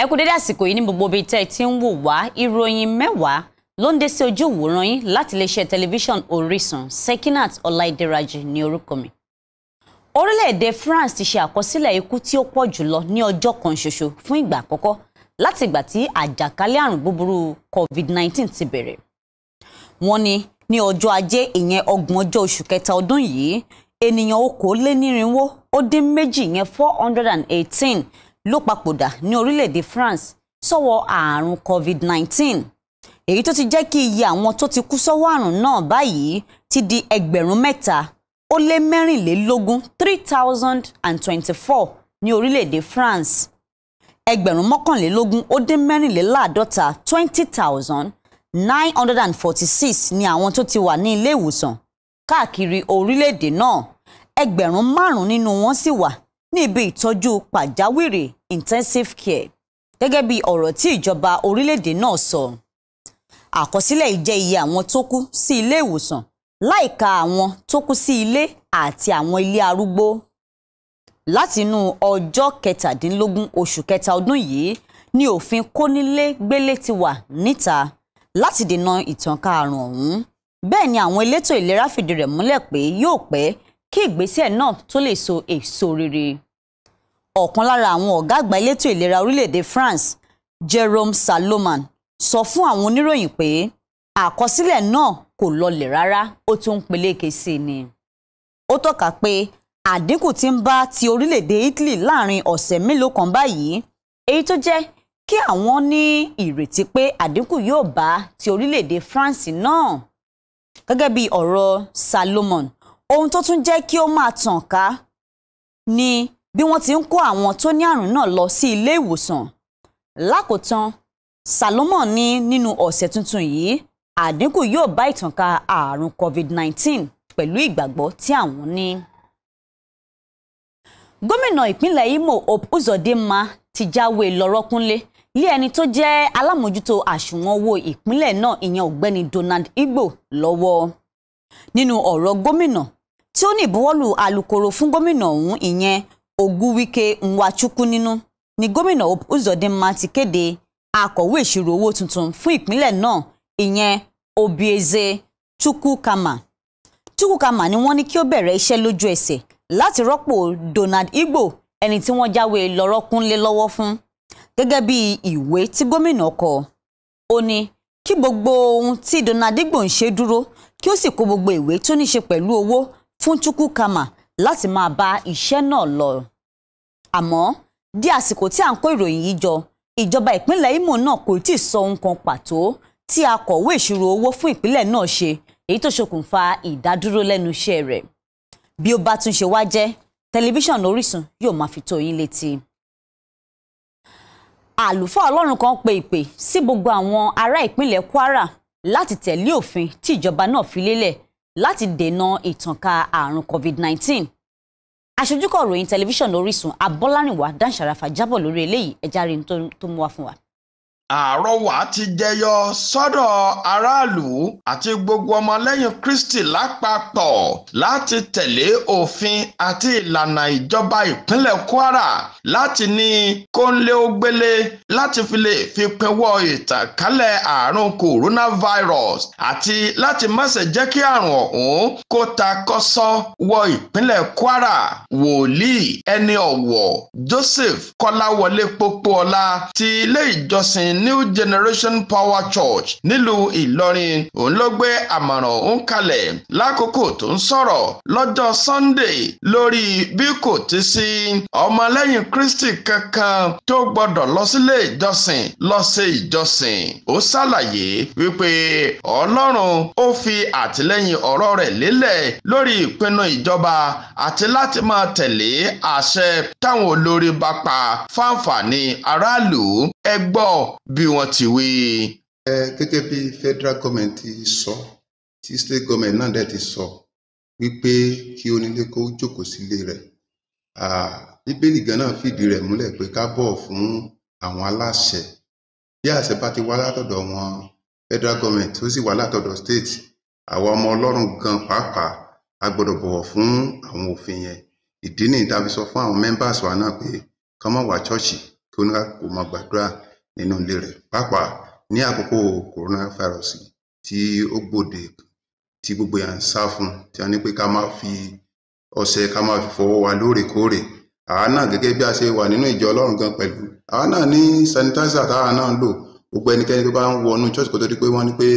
ẹ kú dédé àsìkò yìí ní gbogbo ibi tẹ́ ẹ ti ń wò wá ìròyìn mẹ́wàá ló ń dé sí ojú ìwòran yín láti iléeṣẹ́ tẹlifíṣàn Orísun Sekinat Ọláìdẹ́rajì ní orúkọ mi. orílẹ̀-èdè France ti ṣe àkọsílẹ̀ ikú tí ó pọ̀ jùlọ ní ọjọ́ kan ṣoṣo fún ìgbà àkọ́kọ́ láti ìgbà tí àjàkálẹ̀ àrùn búburú COVID-19 ti bẹ̀rẹ̀. wọ́n ní ní ọjọ́ ajé ìyẹn ọgbọ̀n ọjọ́ oṣù kẹta ọdún yìí ènìyàn okòólénírínwó ó dín méjì yẹn four hundred and eighteen ló papòdà ní orílẹ̀-èdè France sọ́wọ́ ààrùn COVID-19 èyí tó ti jẹ́ kí iye àwọn tó ti kú sọ́wọ́ àrùn náà báyìí ti di ẹgbẹ̀rún mẹ́ta ó lé mẹ́rìnlélógún three thousand and twenty-four ní orílẹ̀-èdè France ẹgbẹ̀rún mọ́kànlélógún ó dín mẹ́rìnléláàádọ́ta twenty thousand nine hundred and forty-six ni àwọn tó ti wà ní ilé ìwòsàn káàkiri orílẹ̀-èdè náà ẹgbẹ̀rún márùn-ún nínú wọn sì wà ní ibi ìtọ́jú pàjáwìrì intensive care gẹ́gẹ́ bí ọ̀rọ̀ tí ìjọba orílẹ̀-èdè náà sọ. àkọsílẹ̀ yìí jẹ́ iye àwọn tó kú sí ilé ìwòsàn láìka àwọn tó kú sí ilé àti àwọn ilé arúgbó. látinú ọjọ́ kẹtàdínlógún oṣù kẹta ọdún yìí ni òfin kónílégbélé ti wà níta láti dènà ìtànká àrùn ọ̀hún. bẹ́ẹ̀ ni àwọn elétò ìlera fìdí rẹ̀ múlẹ̀ pé yóò pẹ́ kí ìgbésẹ̀ náà tó lè so èso rere. ọ̀kan lára àwọn ọ̀gá àgbà elétò ìlera orílẹ̀-èdè France Jerome Saloman sọ fún àwọn oníròyìn pé àkọsílẹ̀ náà kò lọlẹ̀ rárá ó tún ń peléke sí i ni. ó tọ́ka pé àdínkù ti ń bá ti orílẹ̀-èdè Italy láàrin ọ̀sẹ̀ mélòó kan báyìí èyí tó jẹ́ kí àwọn ní ìrètí pé àdínkù yóò bá ti orílẹ̀-èdè France náà. gẹ́gẹ́ bí ọ̀rọ̀ Salomon ohun tó tún jẹ́ kí ó máa tàn ká ni bí wọ́n ti ń kó àwọn tó ní àrùn náà lọ sí ilé ìwòsàn lákòótán Salomon ní nínú ọ̀sẹ̀ tuntun yìí àdínkù yóò bá ìtànká ààrùn COVID-19 pẹ̀lú ìgbàgbọ́ tí àwọn ní. gómìnà ìpínlẹ̀ Imo Hope Uzodinma ti jáwé lọ́rọ́kúnlé lé ẹni tó jẹ́ alámòjútó àsùnwọ̀n owó ìpínlẹ̀ náà ìyẹn ọ̀gbẹ́ni Donald Igbo lọ́wọ́ nínú ọ̀rọ̀ gómìnà tí ó ní ìbuwọ́lù alukoro fún gómìnà ọ̀hún ìyẹn Ògúwike Nwachukwu nínú ni gómìnà Uzodinma ti kéde akọ̀wé ìṣirò owó tuntun fún ìpínlẹ̀ náà ìyẹn Obieze Chukwukama Chukwukama ni wọ́n ní kí ó bẹ̀rẹ̀ iṣẹ́ lójú ẹsẹ̀ láti rọ́pò Donald Igbo ẹni tí wọ́n jáwé lọ́rọ́ kúnlé lọ́wọ́ fún gẹ́gẹ́ bí ìwé tí gómìnà kọ ó ní kí gbogbo ohun tí Donald Igbo ń ṣe dúró kí ó sì kó gbogbo ìwé tó ní ṣe pẹ̀lú owó fún Chukwukama láti máa bá iṣẹ́ náà lọ. àmọ́ di àsìkò tí à ń kó ìròyìn yìí jọ ìjọba ìpínlẹ̀ Imo náà kò tí ì sọ ohun kan pàtó tí akọ̀wé ìṣirò owó fún ìpínlẹ̀ náà ṣe èyí tó ṣokùnfà ìdádúró lẹ́nu iṣẹ́ rẹ̀ bí ó bá tún ṣe wá jẹ́ tẹlifíṣàn Orísun yóò máa fi tó yín létí. àlùfáà Ọlọ́run kan pe ìpè sí gbogbo àwọn ará ìpínlẹ̀ Kwara láti tẹ̀lé òfin tí ìjọba náà fi lélẹ̀ láti dènà ìtànká àrùn covid-19 aṣojúkọ̀ ròyìn tẹlifíṣàn Orísun Abọ́lárìnwá Dáńsàràfà jábọ̀ lórí eléyìí ẹ̀já rí tó mú wá fún wa àrọwà ti jẹyọ sọ́dọ̀ aráàlú àti gbogbo ọmọlẹ́yìn Kristi lápapọ̀ láti tẹ̀lé òfin àti ìlànà ìjọba ìpínlẹ̀ Kwara láti ní kónléógbélé láti fi lè fi pinwọ́ ìtànkálẹ̀ àrùn coronavirus àti láti má ṣe jẹ́ kí àrùn ọ̀hún kó ta kọ́sọ́ wọ ìpínlẹ̀ Kwara wòlíì ẹni ọ̀wọ̀ Joseph Kọ́láwọlé Pópóọlá ti ilé ìjọsìn new generation power church nílùú ìlọrin òun ló gbé àmọ̀ràn òun kalẹ̀ lákòókò tó ń sọ̀rọ̀ lọ́jọ́ sunday lórí bí kò ti sí ọmọlẹ́yìn kristi kankan tó gbọ́dọ̀ lọ sílé ìjọsìn lọ ṣe ìjọsìn ó ṣàlàyé wípé ọlọ́run ó fi àtìlẹ́yìn ọ̀rọ̀ rẹ̀ lélẹ̀ lórí ìpinnu ìjọba àti láti máa tẹ̀lé àṣẹ táwọn olórí bá pa fáǹfààní aráàlú ẹ bí wọ́n ti wí. ẹ gẹ́gẹ́ bí federal government ti sọ tí state government náà dẹ̀ ti sọ wípé kí onílé kó jókòó sílé rẹ̀ bíbélì gan náà fìdí rẹ̀ múlẹ̀ pé ká bọ̀wọ̀ fún àwọn aláṣẹ bí àṣẹ bá ti wá látọ̀dọ̀ wọn federal government ó sì wá látọ̀dọ̀ state àwa ọmọ ọlọ́run gan pàápàá a gbọ́dọ̀ bọ̀wọ̀ fún àwọn òfin yẹn ìdí nìyí tá a fi sọ fún àwọn members wa náà pé kọ́mọ̀ wá ṣọ́ọ̀ṣì kí oníkàkùn máa gbàdúrà nínú ilé rẹ̀ pàápàá ní àkókò corona virus tí ó gbòde tí gbogbo èèyàn ń sá fún tí wọ́n ní pé ká má fi ọṣẹ ká má fi fọwọ́ wa lóòrèkóòrè àwa náà gẹ́gẹ́ bí a ṣe wà nínú ìjọ Ọlọ́run gan pẹ̀lú àwa náà ní sanitizer táwa náà ń lò gbogbo ẹnikẹ́ni tó bá ń wọnú church kó tó di pé wọ́n ní pé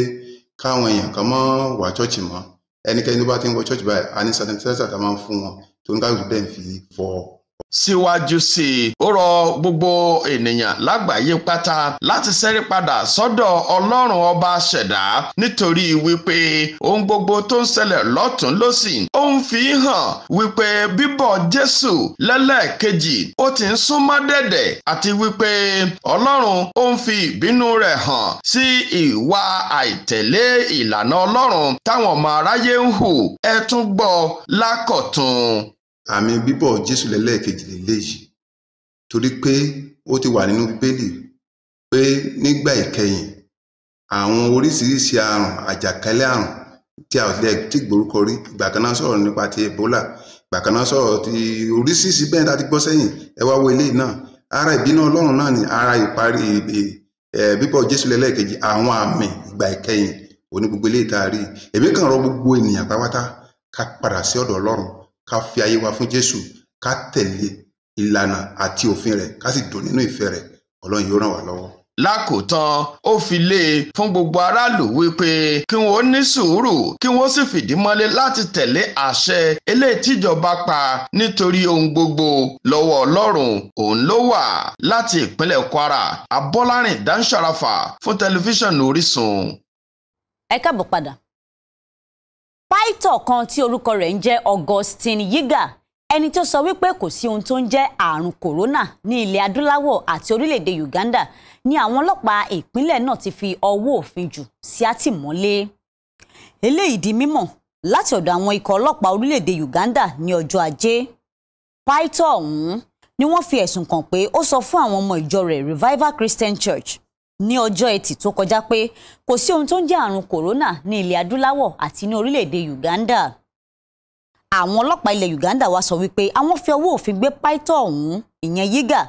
káwọn èèyàn kan mọ́ wá church mọ́ ẹnikẹ́ni tó bá ti ń wọ church báyìí a ní sanitizer tá a máa ń fún wọn tó ń kálukú dẹ̀ fi fọ síwájú sí i ó rọ gbogbo ènìyàn lágbàáyé pátá láti ṣẹ́rí padà sọ́dọ̀ ọlọ́run ọba ṣẹ̀dá nítorí wípé ohun gbogbo tó ń ṣẹlẹ̀ lọ́tún lọ́sìn ó ń fi hàn wípé bíbọ̀ jésù lẹ́lẹ́ẹ̀kejì ó ti ń súnmọ́ dẹ̀dẹ̀ àti wípé ọlọ́run ó ń fi ìbínú rẹ̀ hàn sí ìwà àìtẹ̀lé ìlànà ọlọ́run táwọn ọmọ aráyé ń hù ẹ tún gbọ́ lákọ̀tún àmì bíbọ̀ jésù lẹ́lẹ́ẹ̀kejì lélẹ́yìí torí pé ó ti wà nínú bíbélì pé nígbà ìkẹyìn àwọn oríṣiríṣi àrùn àjàkálẹ̀ àrùn tí a ò tilẹ̀ tí gbórúkọ rí ìgbà kan náà sọ̀rọ̀ nípa ti ebola ìgbà kan náà sọ̀rọ̀ ti oríṣiríṣi bẹ́ẹ̀ tá a ti gbọ́ sẹ́yìn ẹ wá wo eléyìí náà ara ìbínú ọlọ́run náà ni ara ìparí bíbọ̀ jésù lẹ́lẹ́ẹ̀kejì àwọn àmì ìgbà ìkẹyìn òní gbogbo eléyìí tá a rí èmi kàn rọ gbogbo ènìyàn pátápátá ká padà sí ọ̀dọ̀ ọlọ́run ká fi ayé wa fún Jésù ká tẹ̀lé ìlànà àti òfin rẹ̀ ká sì dùn nínú ìfẹ́ rẹ̀ Ọlọ́run yóò ràn wá lọ́wọ́ lákòótán ó fi lé e fún gbogbo aráàlú wípé kí wọn ó ní sùúrù kí wọn ó sì fìdí mọ́lé láti tẹ̀lé àṣẹ eléyìí tíjọba pa nítorí ohun gbogbo lọ́wọ́ Ọlọ́run òun ló wà láti ìpínlẹ̀ Kwara Abọ́lárìn Dáńsàràfà fún tẹlifíṣàn Orísun. ẹ káàbọ̀ padà páìtọ̀ kan tí orúkọ rẹ̀ ń jẹ́ Augustine Yiga ẹni tó sọ wípé kò sí ohun tó ń jẹ́ àrùn kòrónà ní ilẹ̀ adúláwọ̀ àti orílẹ̀-èdè Uganda ni àwọn ọlọ́pàá ìpínlẹ̀ náà ti fi ọwọ́ òfin jù sí àtìmọ́lé eléyìí di mímọ̀ láti ọ̀dọ̀ àwọn ikọ̀ ọlọ́pàá orílẹ̀-èdè Uganda ní ọjọ́ ajé páìtọ̀ ọ̀hún ni wọ́n fi ẹ̀sùn kàn pé ó sọ fún àwọn ọmọ ìjọ rẹ̀ Revival Christian Church ní ọjọ́ Ẹtì tó kọjá pé kò sí ohun tó ń jẹ́ àrùn kòrónà ní ilẹ̀ adúláwọ̀ àti ní orílẹ̀-èdè Uganda àwọn ọlọ́pàá ilẹ̀ Uganda wá sọ wípé àwọn fi ọwọ́ òfin gbé pító ọ̀hún ìyẹn yígà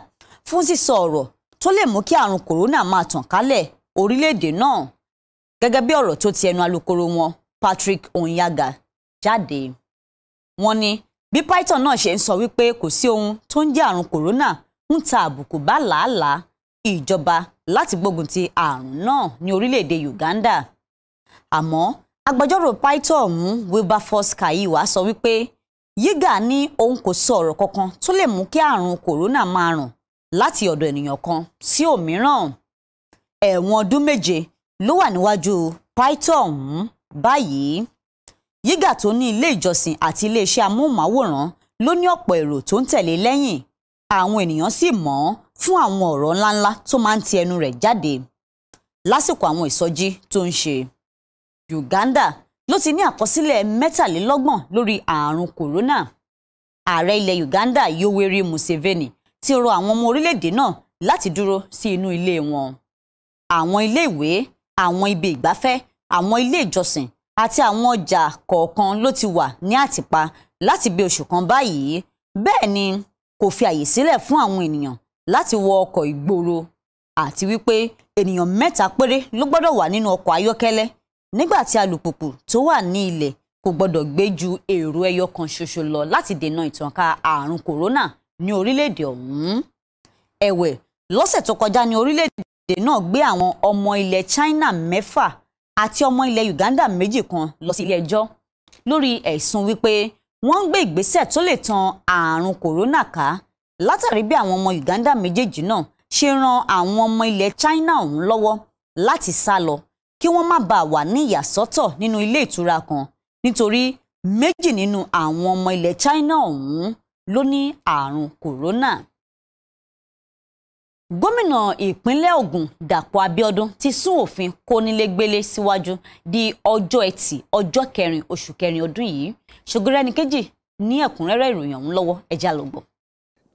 fún sísọ ọ̀rọ̀ tó lè mú kí àrùn kòrónà máa tàn kálẹ̀ orílẹ̀-èdè náà gẹ́gẹ́ bí ọ̀rọ̀ tó ti ẹnu alukoro wọn Patrick Onyaga jáde wọ́n ní bí pító náà ṣe ń sọ wípé kò sí ohun tó ń jẹ́ àrùn kòrónà ń ta àbùkù bá làálàá ìjọba láti gbógun ti àrùn náà ní orílẹ̀-èdè Uganda àmọ́ agbẹjọ́rò paito ọ̀hún Wilberforce Kaiwa sọ wípé Yiga ní òun kò sọ ọ̀rọ̀ kankan tó lè mú kí àrùn kòrónà máa rùn láti ọ̀dọ̀ ènìyàn kan sí òmíràn ẹ̀wọ̀n ọdún méje ló wà níwájú paito báyìí Yiga tó ní ilé ìjọsìn àti iléeṣẹ́ amóhùnmáwòrán ló ní ọ̀pọ̀ èrò tó ń tẹ̀lé lẹ́yìn àwọn ènìyàn sì mọ̀ ọ́ fún àwọn ọ̀rọ̀ ńláńlá tó máa ń ti ẹnu rẹ̀ jáde lásìkò àwọn ìsọjí tó ń ṣe. Uganda ló ti ní àkọsílẹ̀ mẹ́tàlélọ́gbọ̀n lórí ààrùn kòrónà. Ààrẹ ilẹ̀ Uganda Yoweri Museveni ti rọ àwọn ọmọ orílẹ̀-èdè náà láti dúró sí inú ilé wọn. Àwọn ilé ìwé, àwọn ibi ìgbafẹ́, àwọn ilé ìjọsìn àti àwọn ọjà kọ̀ọ̀kan ló ti wà ní àtìpa láti bí oṣù kan báyìí. Bẹ́ẹ̀ ni kò fi àyè sílẹ̀ fún àwọn ènìyàn láti wọ ọkọ̀ ìgboro àti wípé ènìyàn mẹ́ta péré ló gbọ́dọ̀ wà nínú ọkọ̀ ayọ́kẹ́lẹ́ nígbà tí alùpùpù tó wà ní ilẹ̀ kò gbọ́dọ̀ gbé ju èrò ẹyọ kan ṣoṣo lọ láti dènà ìtànká àrùn kòrónà ní orílẹ̀-èdè ọ̀hún. ẹ̀wẹ̀ lọ́sẹ̀ tó kọjá ní orílẹ̀-èdè náà gbé àwọn ọmọ ilẹ̀ China mẹ́fà àti ọmọ ilẹ̀ Uganda méjì kan lọ sí ilé-ẹjọ́ lórí ẹ̀sùn wípé wọ́n ń gbé ìgbésẹ̀ tó lè tan àrùn kòrónà ká látàrí bí àwọn ọmọ Uganda méjèèjì náà ṣe ran àwọn ọmọ ilẹ̀ China ọ̀hún lọ́wọ́ láti sá lọ kí wọ́n má bàa wà ní ìyàsọ́tọ̀ nínú ilé ìtura kan nítorí méjì nínú àwọn ọmọ ilẹ̀ China ọ̀hún ló ní àrùn kòrónà. Gómìnà ìpínlẹ̀ Ògùn Dàpọ̀ Abíọ́dún ti sún òfin kónílégbélé síwájú di ọjọ́ ẹtì ọjọ́ kẹrin oṣù kẹrin ọdún yìí ṣògùrẹ́ni kejì ní ẹ̀kúnrẹ́rẹ́ ìròyìn ọ̀hún lọ́wọ́ ẹ̀já lọ́gbọ̀n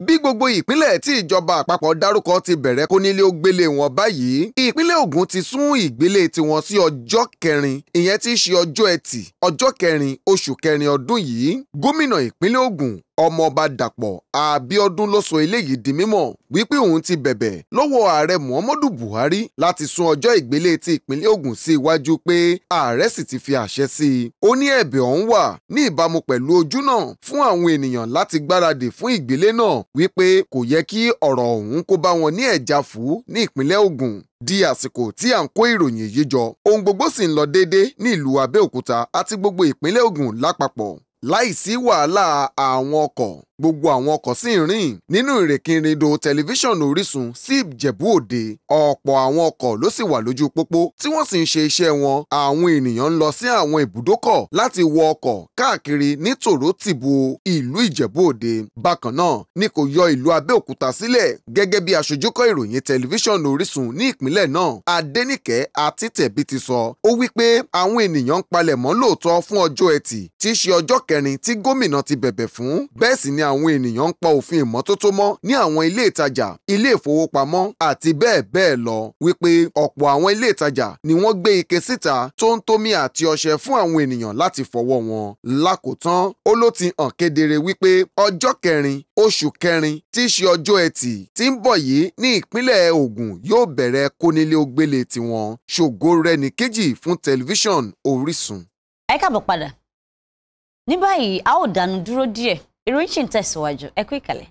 bí gbogbo ìpínlẹ̀ tí ìjọba àpapọ̀ dárúkọ ti bẹ̀rẹ̀ kónílé ó gbélé wọn báyìí ìpínlẹ̀ Ògùn ti sún ìgbélé tiwọn sí ọjọ́ kẹrin ìyẹn ti ṣe ọjọ́ ẹtì ọjọ́ kẹrin oṣù kẹrin ọdún yìí gómìnà ìpínlẹ̀ Ògùn ọmọọba Dàpọ̀ Abíọ́dún ló sọ eléyìí di mímọ̀ wípé òun ti bẹ̀bẹ̀ lọ́wọ́ ààrẹ Muhammadu Buhari láti sún ọjọ́ ìgbélé ti ìpínlẹ̀ Ògùn sí iwájú pé ààrẹ sì ti fi àṣẹ sí i. ó ní ẹ̀bẹ̀ ọ̀hún wà ní ìbámu pẹ̀lú ojú náà fún àwọn ènìyàn láti gbáradì fún ìgbélé náà wípé kò yẹ kí ọ̀rọ̀ ọ̀hún kó bá wọn ní ẹ̀jà fú ní ìpínlẹ̀ Ògùn di àsìkò tí à ń kó ìròyìn yìí jọ ohun gbogbo sì ń lọ déédé ní ìlú Abẹ́òkúta àti gbogbo ìpínlẹ̀ Ògùn lápapọ̀ láìsí wàhálà àwọn ọkọ̀ gbogbo àwọn ọkọ̀ sì ń rìn nínú ìrèkìnrìndò tẹlifíṣàn Orísun sí Ìjẹ̀bú Òde ọ̀pọ̀ àwọn ọkọ̀ ló sì wà lójú pópó tí wọ́n sì ń ṣe iṣẹ́ wọn àwọn ènìyàn ń lọ sí àwọn ibùdókọ̀ láti wọ ọkọ̀ káàkiri ní tòrótìbù ìlú Ìjẹ̀bú Òde bákan náà ni kò yọ ìlú Abẹ́òkúta sílẹ̀ gẹ́gẹ́ bí aṣojúkọ̀ ìròyìn tẹlifíṣàn Orísun ní ìpínlẹ̀ náà Adéníkẹ́ Atítẹ̀bí ti sọ ó wí pé àwọn ènìyàn ń àwọn ènìyàn ń pa òfin ìmọ́tótó mọ́ ní àwọn ilé ìtajà ilé ìfowópamọ́ àti bẹ́ẹ̀ bẹ́ẹ̀ lọ wípé ọ̀pọ̀ àwọn ilé ìtajà ni wọ́n gbé ike síta tó ń tómi àti ọṣẹ fún àwọn ènìyàn láti fọwọ́ wọn lákòótán ó ló ti hàn kedere wípé ọjọ́ kẹrin oṣù kẹrin tí í ṣe ọjọ́ ẹtì tí ń bọ̀ yìí ní ìpínlẹ̀ Ògùn yóò bẹ̀rẹ̀ kónílé ó tiwọn ṣògo rẹ̀ kejì fún tẹlifíṣàn Orísun. ẹ káàbọ̀ padà ní báyìí a ó dánu dúró díẹ̀ ìròyìn ṣì ń tẹ̀síwájú ẹ kú ìkàlẹ̀.